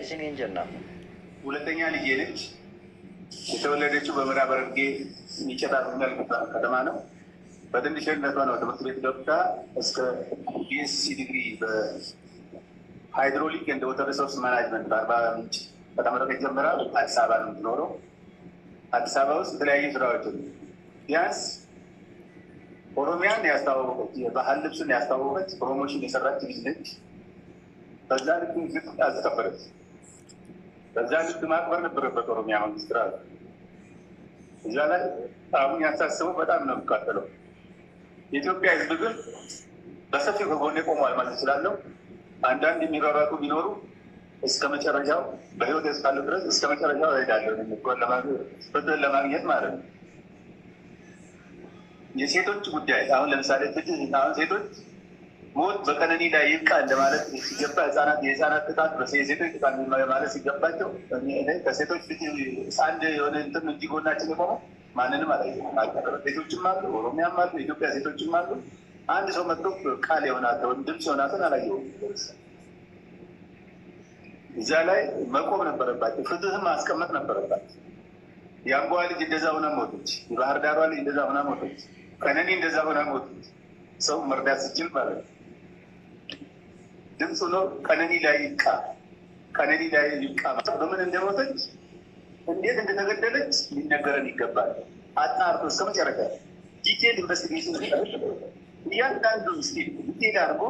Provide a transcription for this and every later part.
የሰሜን ጀና ሁለተኛ ልጄ ነች። የተወለደችው በምዕራብ ሐረርጌ የሚጨጣ ሚናል ከተማ ነው። በትንሽነቷ ነው ትምህርት ቤት ገብታ እስከ ቢኤስሲ ዲግሪ በሃይድሮሊክ እንደ ወተር ሪሶርስ ማናጅመንት በአርባ ምንጭ ከተመረቀች ጀምራ አዲስ አበባ ነው የምትኖረው። አዲስ አበባ ውስጥ የተለያዩ ስራዎች ቢያንስ ኦሮሚያን ያስተዋወቀች የባህል ልብስን ያስተዋወቀች ፕሮሞሽን የሰራች ልጅ ነች። በዛ ልክ አዘከበረች በዛ ልክ ማክበር ነበረበት ኦሮሚያ መንግስት ራ እዛ ላይ አሁን ያሳስበው በጣም ነው የሚቃጠለው። የኢትዮጵያ ህዝብ ግን በሰፊው ከጎኔ ቆሟል ማለት ስላለው አንዳንድ የሚራራጡ ቢኖሩ እስከ መጨረሻው በህይወት እስካለሁ ድረስ እስከ መጨረሻው እሄዳለሁ ለማግኘት ማለት ነው። የሴቶች ጉዳይ አሁን ለምሳሌ አሁን ሴቶች ሞት በቀነኒ ላይ ይብቃ እንደማለት ሲገባ ህጻናት የህጻናት ቅጣት የሴቶች ጥቃት ማለት ሲገባቸው ከሴቶች አንድ የሆነ እንትም እንጂ ጎናችን የቆመ ማንንም አላ ሴቶችም አሉ፣ ኦሮሚያም አሉ፣ ኢትዮጵያ ሴቶችም አሉ። አንድ ሰው መጥቶ ቃል የሆናቸውን ድምፅ የሆናትን አላየሁም። እዛ ላይ መቆም ነበረባቸው። ፍትህም ማስቀመጥ ነበረባቸው። የአምቧ ልጅ እንደዛ ሆና ሞቶች፣ የባህር ዳሯ ልጅ እንደዛ ሆና ሞቶች፣ ቀነኒ እንደዛ ሆና ሞቶች። ሰው መርዳት ሲችል ማለት ነው። ድምፅ ነው። ቀነኒ ላይ ይቃ ቀነኒ ላይ ይቃ በምን እንደሞተች እንዴት እንደተገደለች ሊነገረን ይገባል። አጣርቶ እስከ መጨረሻ ዲቴል ኢንቨስቲጌሽን እያንዳንዱ ስ ዲቴል አድርጎ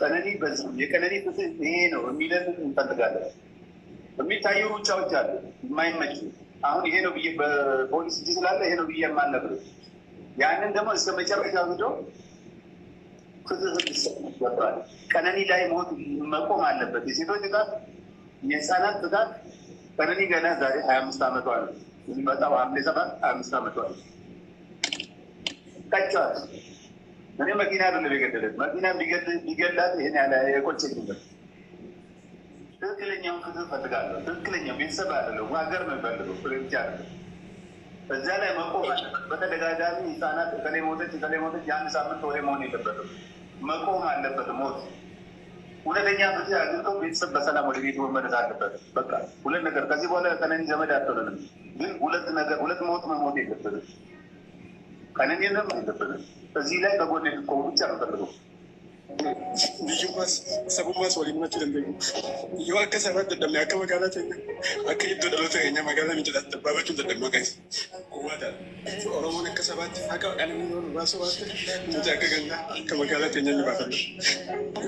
ቀነኒ በዚህ የቀነኒ ፍትህ ይሄ ነው የሚለን እንፈልጋለን። የሚታዩ ሩጫዎች አሉ የማይመች አሁን ይሄ ነው ብዬ በፖሊስ እጅ ስላለ ይሄ ነው ብዬ የማልነግርህ ያንን ደግሞ እስከ መጨረሻ ሂዶ ፍትህ ሊሰጥ ይገባል። ቀነኒ ላይ ሞት መቆም አለበት። የሴቶች ጥቃት፣ የህፃናት ጥቃት። ቀነኒ ገና ዛሬ ሀያ አምስት ዓመቷ ነው። የሚመጣው ሐምሌ ሰባት ሀያ አምስት ዓመቷ ነው። ቀጫት እኔ መኪና አይደለም የገደለት መኪና ቢገላት ይህን ያለ የቆጭ የቆጨኝበት ትክክለኛውን ፍትህ ፈልጋለሁ። ትክክለኛው ቤተሰብ አይደለም ሀገር ነው የሚፈልገው ብቻ አለ በዛ ላይ መቆም አለበት። በተደጋጋሚ ህፃናት ከላይ ሞተች ከላይ ሞተች የአንድ ሳምንት ወሬ መሆን የለበትም። መቆም አለበት። ሞት ሁለተኛ ፍትህ አግኝተው ቤተሰብ በሰላም ወደ ቤት መመለስ አለበት። በቃ ሁለት ነገር ከዚህ በኋላ ከነኒ ዘመድ አትሆንም፣ ግን ሁለት ነገር ሁለት ሞት መሞት የለብንም። ከነኒንም አይለብንም። እዚህ ላይ በጎን የሚቆሙ ብቻ ነው ፈልገው biyyummaas sabummaas waliin mul'achuu dandeenyu. Yoo akka sabaa dadhabne akka magaalaa ta'e akka iddoo dhaloota keenyaa magaalaa miidhaginaatti dabbaabachuun dadhabma qabeessa. Gowwaadha. Oromoon akka sabaatti akka qalamni yoo nu baasu waan ta'eef nuti akka gandaa akka magaalaa keenyaa ni baafanna.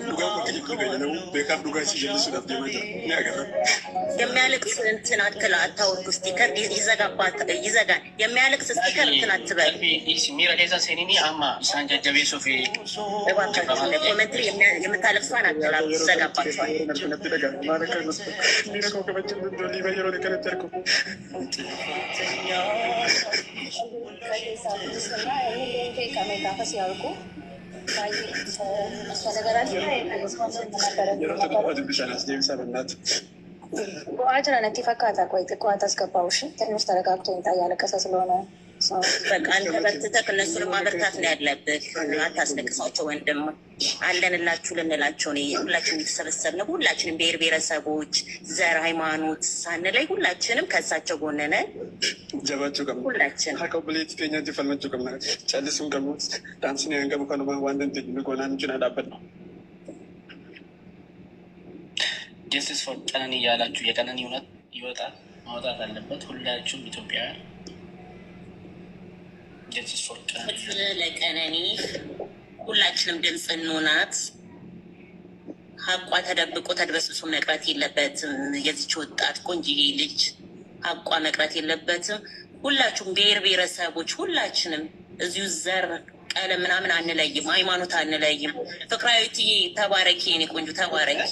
Dhugaa bakka jidduu beeknamu beekaaf dhugaa isii jallisuudhaaf deemaa jira. Ni agarra. የሚያለቅስ እንትን አትላ አታወርዱ ስቲከር ይዘጋባት ይዘጋል። የሚያለቅስ ስቲከር እንትን አትበል ሚራ ዛ ሴኒኒ አማ ሳንጃጀቤ ሶፌ ኮመንት የምታለቅሷን አገላሉ ዘጋባቸዋል። ቡአጅራ ፈካታ ቆይ ጥቋት አስገባውሽ ትንሽ ተረጋግቶ ይምጣ እያለቀሰ ስለሆነ በቃ አንተ በርትተህ እነሱን ማበርታት ነው ያለብህ። አታስለቅሳቸው ወንድም፣ አለንላችሁ ልንላቸው ሁላችን ነው። ሁላችንም ብሔር ብሔረሰቦች፣ ዘር፣ ሃይማኖት ሳንለይ ሁላችንም ከእሳቸው ጎን ነን። ቀነኒ እያላችሁ የቀነኒ እውነት ይወጣል፣ ማውጣት አለበት። ሁላችሁም ኢትዮጵያውያን ለቀነኒ ሁላችንም ድምፅ እንሆናት። ሀቋ ተደብቆ ተድበስብሶ መቅረት የለበትም። የዚች ወጣት ቆንጅዬ ልጅ ሀቋ መቅረት የለበትም። ሁላችሁም ብሔር ብሔረሰቦች ሁላችንም እዚሁ ዘር ቀለም ምናምን አንለይም፣ ሃይማኖት አንለይም። ፍቅራዊት ተባረኪ፣ የኔ ቆንጆ ተባረኪ፣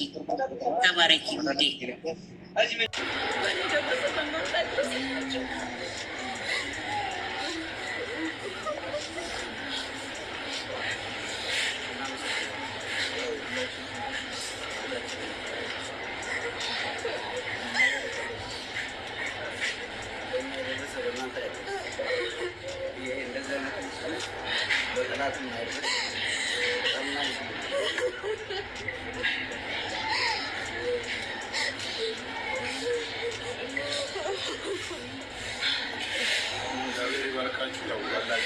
ተባረኪ።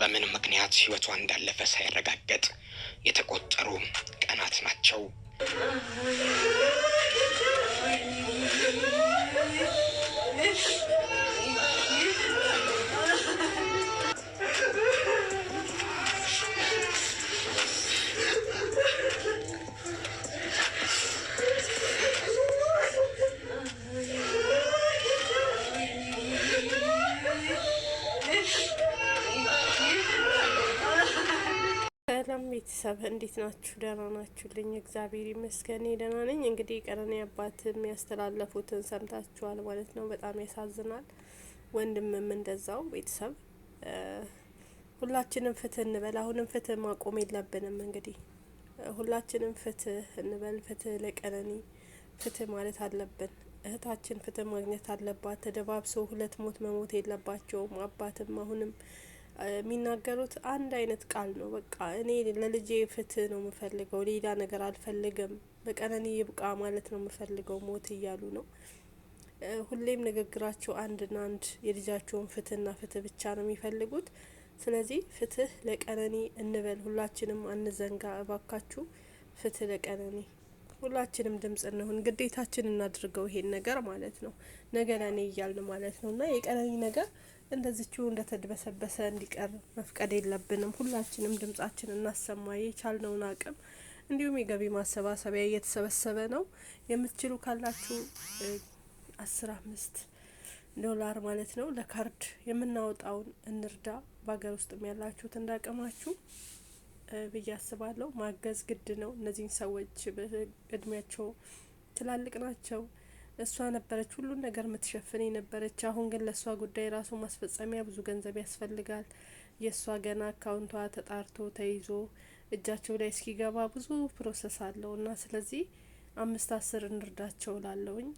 በምን ምክንያት ህይወቷ እንዳለፈ ሳይረጋገጥ የተቆጠሩ ቀናት ናቸው። ቤተሰብ እንዴት ናችሁ? ደህና ናችሁልኝ? እግዚአብሔር ይመስገን ደህና ነኝ። እንግዲህ ቀነኒ አባት የሚያስተላለፉትን ሰምታችኋል ማለት ነው። በጣም ያሳዝናል። ወንድምም እንደዛው። ቤተሰብ ሁላችንም ፍትህ እንበል። አሁንም ፍትህ ማቆም የለብንም። እንግዲህ ሁላችንም ፍትህ እንበል። ፍትህ ለቀነኒ ፍትህ ማለት አለብን። እህታችን ፍትህ ማግኘት አለባት። ተደባብሰው ሁለት ሞት መሞት የለባቸውም። አባትም አሁንም የሚናገሩት አንድ አይነት ቃል ነው። በቃ እኔ ለልጄ ፍትህ ነው የምፈልገው፣ ሌላ ነገር አልፈልግም። በቀነኒ ይብቃ ማለት ነው የምፈልገው ሞት እያሉ ነው። ሁሌም ንግግራቸው አንድና አንድ የልጃቸውን ፍትህና ፍትህ ብቻ ነው የሚፈልጉት። ስለዚህ ፍትህ ለቀነኒ እንበል፣ ሁላችንም አንዘንጋ። እባካችሁ ፍትህ ለቀነኒ ሁላችንም ድምጽ እንሁን፣ ግዴታችን እናድርገው ይሄን ነገር ማለት ነው። ነገ ለኔ እያልን ማለት ነው እና የቀነኒ ነገር እንደዚችው እንደተድበሰበሰ እንዲቀር መፍቀድ የለብንም። ሁላችንም ድምጻችን እናሰማ፣ የቻልነውን አቅም እንዲሁም የገቢ ማሰባሰቢያ እየተሰበሰበ ነው። የምትችሉ ካላችሁ አስር አምስት ዶላር ማለት ነው ለካርድ የምናወጣውን እንርዳ። በሀገር ውስጥ ያላችሁት እንዳቅማችሁ ብዬ አስባለሁ። ማገዝ ግድ ነው። እነዚህን ሰዎች እድሜያቸው ትላልቅ ናቸው። እሷ ነበረች ሁሉን ነገር የምትሸፍን የነበረች። አሁን ግን ለእሷ ጉዳይ ራሱ ማስፈጸሚያ ብዙ ገንዘብ ያስፈልጋል። የእሷ ገና አካውንቷ ተጣርቶ ተይዞ እጃቸው ላይ እስኪገባ ብዙ ፕሮሰስ አለው እና ስለዚህ አምስት አስር እንርዳቸው ላለውኝ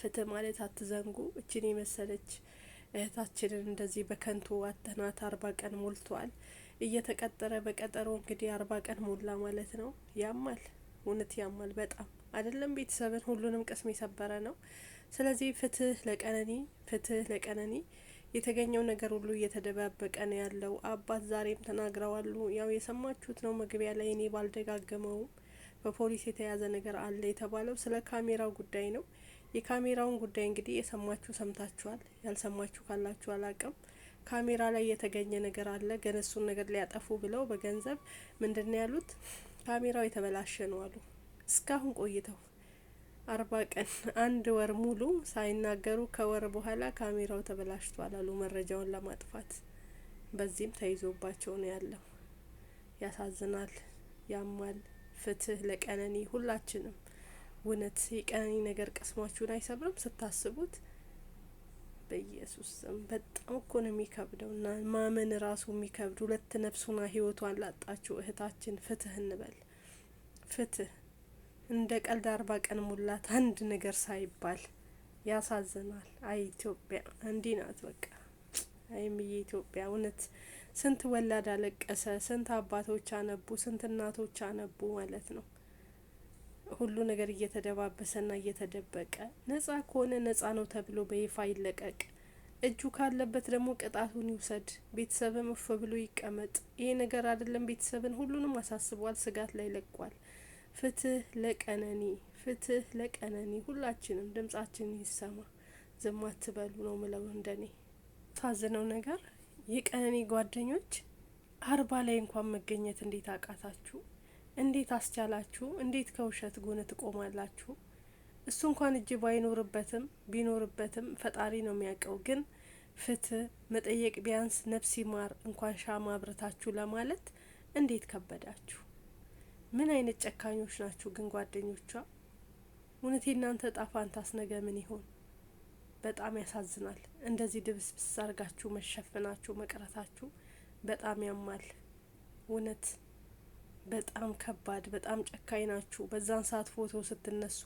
ፍትህ ማለት አትዘንጉ። እችን የመሰለች እህታችንን እንደዚህ በከንቱ አተናት አርባ ቀን ሞልቷል። እየተቀጠረ በቀጠሮ እንግዲህ አርባ ቀን ሞላ ማለት ነው። ያማል፣ እውነት ያማል በጣም አይደለም ቤተሰብን ሁሉንም ቅስም የሰበረ ነው። ስለዚህ ፍትህ ለቀነኒ ፍትህ ለቀነኒ። የተገኘው ነገር ሁሉ እየተደባበቀ ነው ያለው። አባት ዛሬም ተናግረዋሉ። ያው የሰማችሁት ነው መግቢያ ላይ እኔ ባልደጋገመውም በፖሊስ የተያዘ ነገር አለ የተባለው ስለ ካሜራው ጉዳይ ነው። የካሜራውን ጉዳይ እንግዲህ የሰማችሁ ሰምታችኋል፣ ያልሰማችሁ ካላችሁ አላቅም። ካሜራ ላይ የተገኘ ነገር አለ፣ ግን እሱን ነገር ሊያጠፉ ብለው በገንዘብ ምንድን ነው ያሉት፣ ካሜራው የተበላሸ ነው አሉ። እስካሁን ቆይተው አርባ ቀን አንድ ወር ሙሉ ሳይናገሩ ከወር በኋላ ካሜራው ተበላሽቷል አሉ፣ መረጃውን ለማጥፋት። በዚህም ተይዞባቸው ነው ያለው። ያሳዝናል፣ ያማል። ፍትህ ለቀነኒ ሁላችንም። እውነት የቀነኒ ነገር ቅስማችሁን አይሰብርም ስታስቡት? በኢየሱስ ስም በጣም እኮ ነው የሚከብደው ና ማመን ራሱ የሚከብድ ሁለት ነፍሱና ህይወቷን ላጣችው እህታችን ፍትህ እንበል። ፍትህ እንደ ቀልድ አርባ ቀን ሙላት አንድ ነገር ሳይባል ያሳዝናል። አይ ኢትዮጵያ እንዲህ ናት በቃ። አይምዬ ኢትዮጵያ እውነት ስንት ወላድ አለቀሰ፣ ስንት አባቶች አነቡ፣ ስንት እናቶች አነቡ ማለት ነው። ሁሉ ነገር እየተደባበሰና እየተደበቀ ነጻ ከሆነ ነጻ ነው ተብሎ በይፋ ይለቀቅ። እጁ ካለበት ደግሞ ቅጣቱን ይውሰድ። ቤተሰብም እፍ ብሎ ይቀመጥ። ይሄ ነገር አይደለም ቤተሰብን ሁሉንም አሳስቧል፣ ስጋት ላይ ለቋል። ፍትህ ለቀነኒ፣ ፍትህ ለቀነኒ። ሁላችንም ድምጻችን ይሰማ። ዝም አትበሉ ነው ምለው። እንደኔ ታዝነው ነገር የቀነኒ ጓደኞች አርባ ላይ እንኳን መገኘት እንዴት አቃታችሁ? እንዴት አስቻላችሁ? እንዴት ከውሸት ጎን ትቆማላችሁ? እሱ እንኳን እጅ ባይኖርበትም ቢኖርበትም ፈጣሪ ነው የሚያውቀው። ግን ፍትህ መጠየቅ ቢያንስ ነፍስ ይማር እንኳን ሻማ አብርታችሁ ለማለት እንዴት ከበዳችሁ? ምን አይነት ጨካኞች ናችሁ ግን ጓደኞቿ? እውነት የእናንተ እጣ ፈንታስ ነገ ምን ይሆን? በጣም ያሳዝናል። እንደዚህ ድብስብስ አርጋችሁ መሸፈናችሁ መቅረታችሁ በጣም ያማል እውነት በጣም ከባድ በጣም ጨካኝ ናችሁ። በዛን ሰዓት ፎቶ ስትነሱ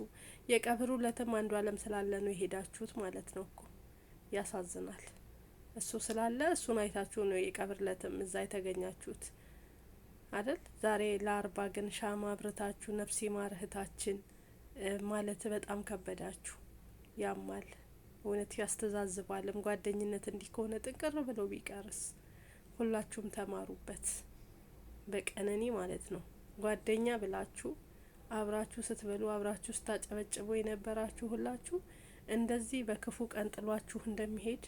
የቀብሩ ለተም አንዱ አለም ስላለ ነው የሄዳችሁት ማለት ነው እኮ ያሳዝናል። እሱ ስላለ እሱን አይታችሁ ነው የቀብር ለትም እዛ የተገኛችሁት አይደል? ዛሬ ለአርባ ግን ሻማ አብርታችሁ ነፍሴ ማርህታችን ማለት በጣም ከበዳችሁ። ያማል፣ እውነት ያስተዛዝባልም። ጓደኝነት እንዲህ ከሆነ ጥንቅር ብሎ ቢቀርስ። ሁላችሁም ተማሩበት። በቀነኒ ማለት ነው። ጓደኛ ብላችሁ አብራችሁ ስትበሉ አብራችሁ ስታጨበጭቡ የነበራችሁ ሁላችሁ እንደዚህ በክፉ ቀን ጥሏችሁ እንደሚሄድ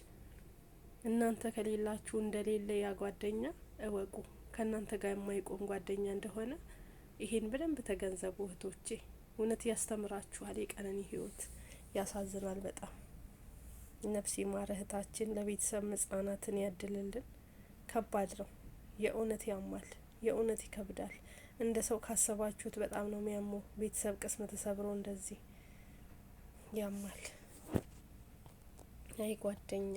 እናንተ ከሌላችሁ እንደሌለ ያ ጓደኛ እወቁ። ከእናንተ ጋር የማይቆም ጓደኛ እንደሆነ ይሄን በደንብ ተገንዘቡ እህቶቼ። እውነት ያስተምራችኋል። የቀነኒ ህይወት ያሳዝናል በጣም። ነፍስ ይማር እህታችን። ለቤተሰብ መጽናናትን ያድልልን። ከባድ ነው የእውነት ያማል። የእውነት ይከብዳል። እንደ ሰው ካሰባችሁት በጣም ነው የሚያመው። ቤተሰብ ቅስም ተሰብሮ እንደዚህ ያማል። አይ ጓደኛ